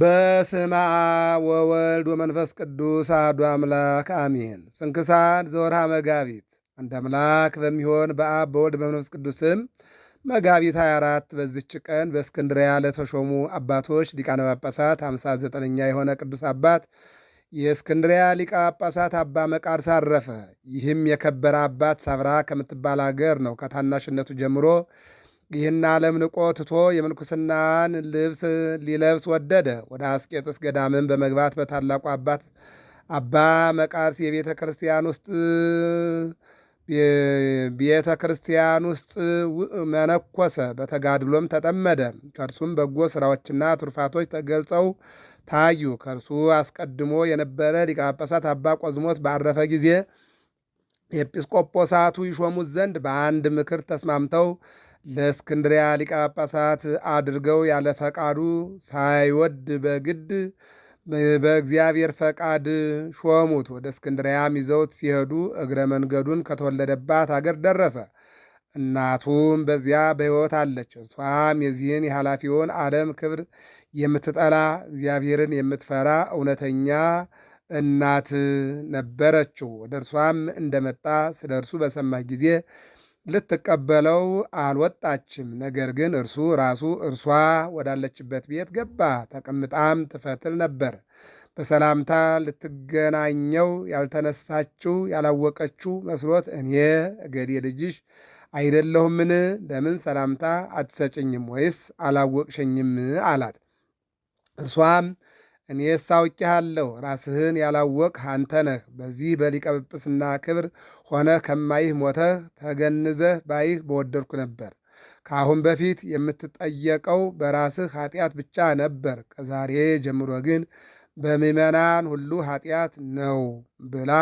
በስመ አብ ወወልድ ወመንፈስ ቅዱስ አሐዱ አምላክ አሜን። ስንክሳር ዘወርሃ መጋቢት። አንድ አምላክ በሚሆን በአብ በወልድ በመንፈስ ቅዱስም መጋቢት 24 በዚች ቀን በእስክንድሪያ ለተሾሙ አባቶች ሊቃነ ጳጳሳት 59ኛ የሆነ ቅዱስ አባት የእስክንድሪያ ሊቀ ጳጳሳት አባ መቃርስ አረፈ። ይህም የከበረ አባት ሳብራ ከምትባል አገር ነው። ከታናሽነቱ ጀምሮ ይህን ዓለም ንቆ ትቶ የምንኩስናን ልብስ ሊለብስ ወደደ። ወደ አስቄጥስ ገዳምን በመግባት በታላቁ አባት አባ መቃርስ የቤተ ክርስቲያን ውስጥ ቤተ ክርስቲያን ውስጥ መነኮሰ። በተጋድሎም ተጠመደ። ከእርሱም በጎ ስራዎችና ትሩፋቶች ተገልጸው ታዩ። ከእርሱ አስቀድሞ የነበረ ሊቀ ጳጳሳት አባ ቆዝሞት ባረፈ ጊዜ ኤጲስቆጶሳቱ ይሾሙት ዘንድ በአንድ ምክር ተስማምተው ለእስክንድሪያ ሊቀ ጳጳሳት አድርገው ያለ ፈቃዱ ሳይወድ በግድ በእግዚአብሔር ፈቃድ ሾሙት። ወደ እስክንድሪያም ይዘውት ሲሄዱ እግረ መንገዱን ከተወለደባት አገር ደረሰ። እናቱም በዚያ በሕይወት አለች። እሷም የዚህን የኃላፊውን ዓለም ክብር የምትጠላ እግዚአብሔርን የምትፈራ እውነተኛ እናት ነበረችው። ወደ እርሷም እንደመጣ ስለ እርሱ በሰማች ጊዜ ልትቀበለው አልወጣችም። ነገር ግን እርሱ ራሱ እርሷ ወዳለችበት ቤት ገባ፣ ተቀምጣም ትፈትል ነበር። በሰላምታ ልትገናኘው ያልተነሳችው ያላወቀችው መስሎት እኔ እገዴ ልጅሽ አይደለሁምን? ለምን ሰላምታ አትሰጭኝም? ወይስ አላወቅሸኝም? አላት። እርሷም እኔስ አውቄሃለሁ፣ ራስህን ያላወቅህ አንተ ነህ። በዚህ በሊቀ ጵጵስና ክብር ሆነህ ከማይህ ሞተህ ተገንዘህ ባይህ በወደድኩ ነበር። ከአሁን በፊት የምትጠየቀው በራስህ ኃጢአት ብቻ ነበር፣ ከዛሬ ጀምሮ ግን በምዕመናን ሁሉ ኃጢአት ነው ብላ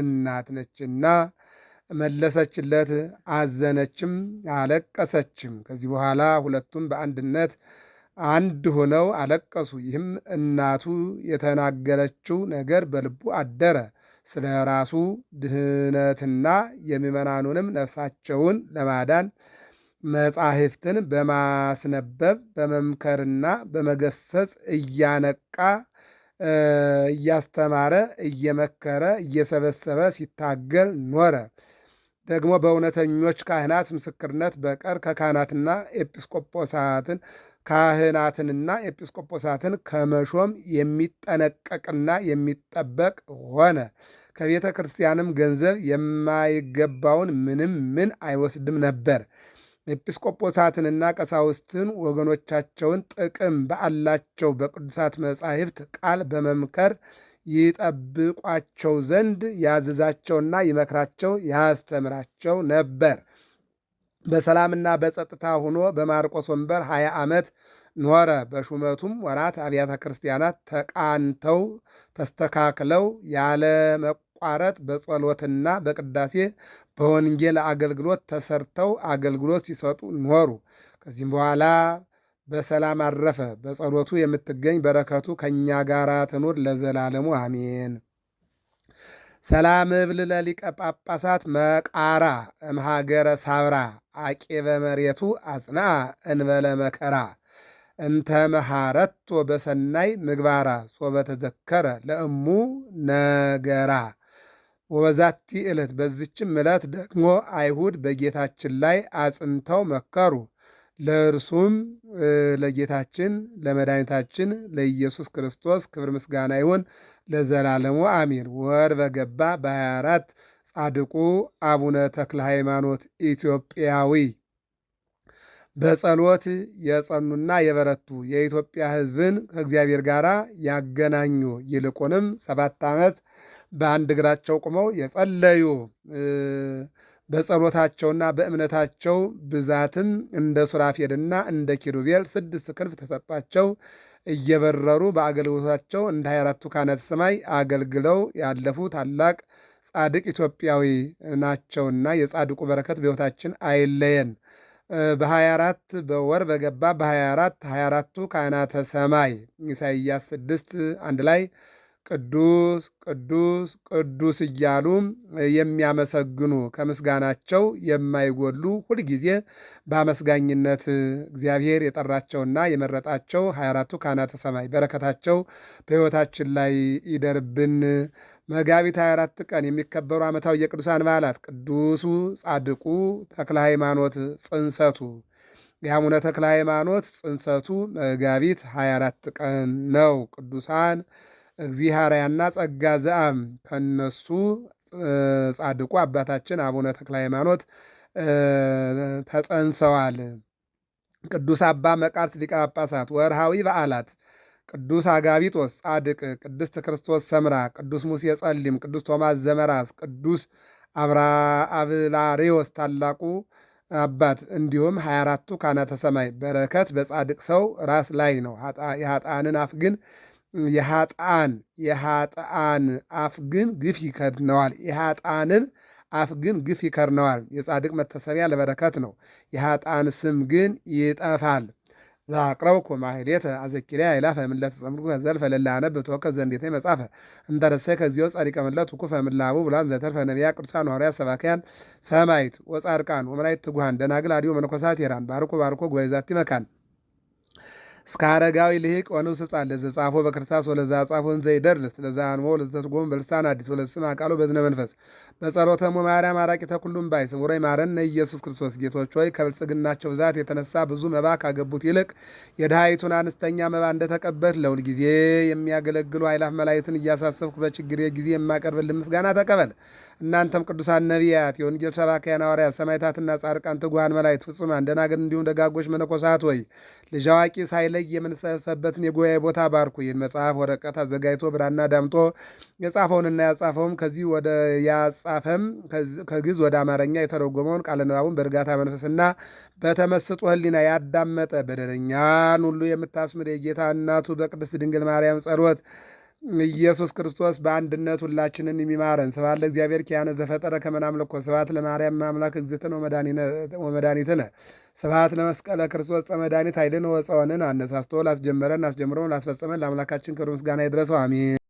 እናት ነችና መለሰችለት። አዘነችም፣ አለቀሰችም። ከዚህ በኋላ ሁለቱም በአንድነት አንድ ሆነው አለቀሱ። ይህም እናቱ የተናገረችው ነገር በልቡ አደረ። ስለ ራሱ ድህነትና የምዕመናኑንም ነፍሳቸውን ለማዳን መጻሕፍትን በማስነበብ በመምከርና በመገሰጽ እያነቃ እያስተማረ እየመከረ እየሰበሰበ ሲታገል ኖረ። ደግሞ በእውነተኞች ካህናት ምስክርነት በቀር ከካህናትና ኤጲስቆጶሳትን ካህናትንና ኤጲስቆጶሳትን ከመሾም የሚጠነቀቅና የሚጠበቅ ሆነ። ከቤተ ክርስቲያንም ገንዘብ የማይገባውን ምንም ምን አይወስድም ነበር። ኤጲስቆጶሳትንና ቀሳውስትን ወገኖቻቸውን ጥቅም በአላቸው በቅዱሳት መጻሕፍት ቃል በመምከር ይጠብቋቸው ዘንድ ያዝዛቸውና ይመክራቸው ያስተምራቸው ነበር። በሰላምና በጸጥታ ሆኖ በማርቆስ ወንበር 20 ዓመት ኖረ። በሹመቱም ወራት አብያተ ክርስቲያናት ተቃንተው ተስተካክለው ያለ መቋረጥ በጸሎትና በቅዳሴ በወንጌል አገልግሎት ተሰርተው አገልግሎት ሲሰጡ ኖሩ። ከዚህም በኋላ በሰላም አረፈ። በጸሎቱ የምትገኝ በረከቱ ከእኛ ጋር ትኑር ለዘላለሙ አሜን። ሰላም እብል ለሊቀ ጳጳሳት መቃራ እምሃገረ ሳብራ አቂበ መሬቱ አጽና እንበለ መከራ እንተ መሃረቶ በሰናይ ምግባራ ሶበተዘከረ ለእሙ ነገራ ወበዛቲ ዕለት በዚችም ዕለት ደግሞ አይሁድ በጌታችን ላይ አጽንተው መከሩ። ለእርሱም ለጌታችን ለመድኃኒታችን ለኢየሱስ ክርስቶስ ክብር ምስጋና ይሁን ለዘላለሙ አሚን ወር በገባ በ24 ጻድቁ አቡነ ተክለ ሃይማኖት ኢትዮጵያዊ በጸሎት የጸኑና የበረቱ የኢትዮጵያ ሕዝብን ከእግዚአብሔር ጋር ያገናኙ ይልቁንም ሰባት ዓመት በአንድ እግራቸው ቁመው የጸለዩ በጸሎታቸውና በእምነታቸው ብዛትም እንደ ሱራፌልና እንደ ኪሩቤል ስድስት ክንፍ ተሰጥጧቸው እየበረሩ በአገልግሎታቸው እንደ 24ቱ ካህናተ ሰማይ አገልግለው ያለፉ ታላቅ ጻድቅ ኢትዮጵያዊ ናቸውና የጻድቁ በረከት በሕይወታችን አይለየን። በ24 በወር በገባ በ24 24ቱ ካህናተ ሰማይ ኢሳይያስ 6 አንድ ላይ ቅዱስ ቅዱስ ቅዱስ እያሉ የሚያመሰግኑ ከምስጋናቸው የማይጎሉ ሁልጊዜ በአመስጋኝነት እግዚአብሔር የጠራቸውና የመረጣቸው ሀያ አራቱ ካህናተ ሰማይ በረከታቸው በሕይወታችን ላይ ይደርብን። መጋቢት 24 ቀን የሚከበሩ ዓመታዊ የቅዱሳን በዓላት ቅዱሱ ጻድቁ ተክለ ሃይማኖት ጽንሰቱ የአቡነ ተክለ ሃይማኖት ጽንሰቱ መጋቢት 24 ቀን ነው። ቅዱሳን እግዚሃርያና ጸጋ ዘአብ ከነሱ ጻድቁ አባታችን አቡነ ተክለ ሃይማኖት ተጸንሰዋል። ቅዱስ አባ መቃርስ ሊቀ ጳጳሳት። ወርሃዊ በዓላት ቅዱስ አጋቢጦስ ጻድቅ፣ ቅድስት ክርስቶስ ሰምራ፣ ቅዱስ ሙሴ ጸሊም፣ ቅዱስ ቶማስ ዘመራስ፣ ቅዱስ አብላሬዎስ ታላቁ አባት እንዲሁም 24ቱ ካህናተ ሰማይ። በረከት በጻድቅ ሰው ራስ ላይ ነው፣ የኃጥአንን አፍ ግን የሃጣን የሃጣን አፍ ግን ግፍ ይከድነዋል። የሃጣንን አፍ ግን ግፍ ይከድነዋል። የጻድቅ መታሰቢያ ለበረከት ነው። የሃጣን ስም ግን ይጠፋል። ዛቅረብኩ ማሕሌተ አዘኪሪያ ይላፈ ምለት ጸምርኩ ከዘልፈ ለላነብ ተወከብ ዘንዴተ መጻፈ እንተረሰ ከዚዮ ጻዲቀ ምለት ኩፈ ምላቡ ብላን ዘተርፈ ነቢያ ቅዱሳን ሐዋርያ ሰባክያን ሰማይት ወጻድቃን ወመላይት ትጉሃን ደናግል አዲዮ መነኮሳት የራን ባርኮ ባርኮ ጎይዛቲ ይመካን እስከ አረጋዊ ልሂቅ ወንብስ ሕፃን ዘጻፎ በክርታስ ወለዛ ጻፎን እንዘ ይደርልስ ለዛ አንሞ ለዘተርጎም በልሳን አዲስ ወለስም አቃሎ በዝነ መንፈስ በጸሎተሙ ማርያም አራቂ ተኩሉም ባይ ስውረ ይማረነ ኢየሱስ ክርስቶስ። ጌቶች ሆይ ከብልጽግናቸው ብዛት የተነሳ ብዙ መባ ካገቡት ይልቅ የድሃይቱን አነስተኛ መባ እንደተቀበልህ ለውል ጊዜ የሚያገለግሉ ኃይላፍ መላእክትን እያሳሰብኩ በችግሬ ጊዜ የማቀርብልህ ምስጋና ተቀበል። እናንተም ቅዱሳን ነቢያት፣ የወንጌል ሰባክያን ሐዋርያት፣ ሰማዕታትና ጻድቃን፣ ትጉሃን መላእክት፣ ፍጹማን ደናግል፣ እንዲሁም ደጋጎች መነኮሳት ወይ ልጅ አዋቂ ሳይለ ላይ የምንሰበሰብበትን የጉባኤ ቦታ ባርኩ። ይህን መጽሐፍ ወረቀት አዘጋጅቶ ብራና ዳምጦ የጻፈውንና ያጻፈውም ከዚህ ወደ ያጻፈም ከግዕዝ ወደ አማርኛ የተረጎመውን ቃለ ንባቡን በእርጋታ መንፈስና በተመስጦ ሕሊና ያዳመጠ በደለኛን ሁሉ የምታስምር የጌታ እናቱ በቅድስት ድንግል ማርያም ጸሎት ኢየሱስ ክርስቶስ በአንድነት ሁላችንን የሚማረን። ስብሐት ለእግዚአብሔር ኪያነ ዘፈጠረ ከመ ናምልኮ ስብሐት ለማርያም ማምላክ እግዝእትነ ወመድኃኒትነ ስብሐት ለመስቀለ ክርስቶስ ዕፀ መድኃኒት ኃይልን ወፀወንን አነሳስቶ ላስጀመረን አስጀምሮን ላስፈጸመን ለአምላካችን ክብር ምስጋና ይድረሰው አሜን።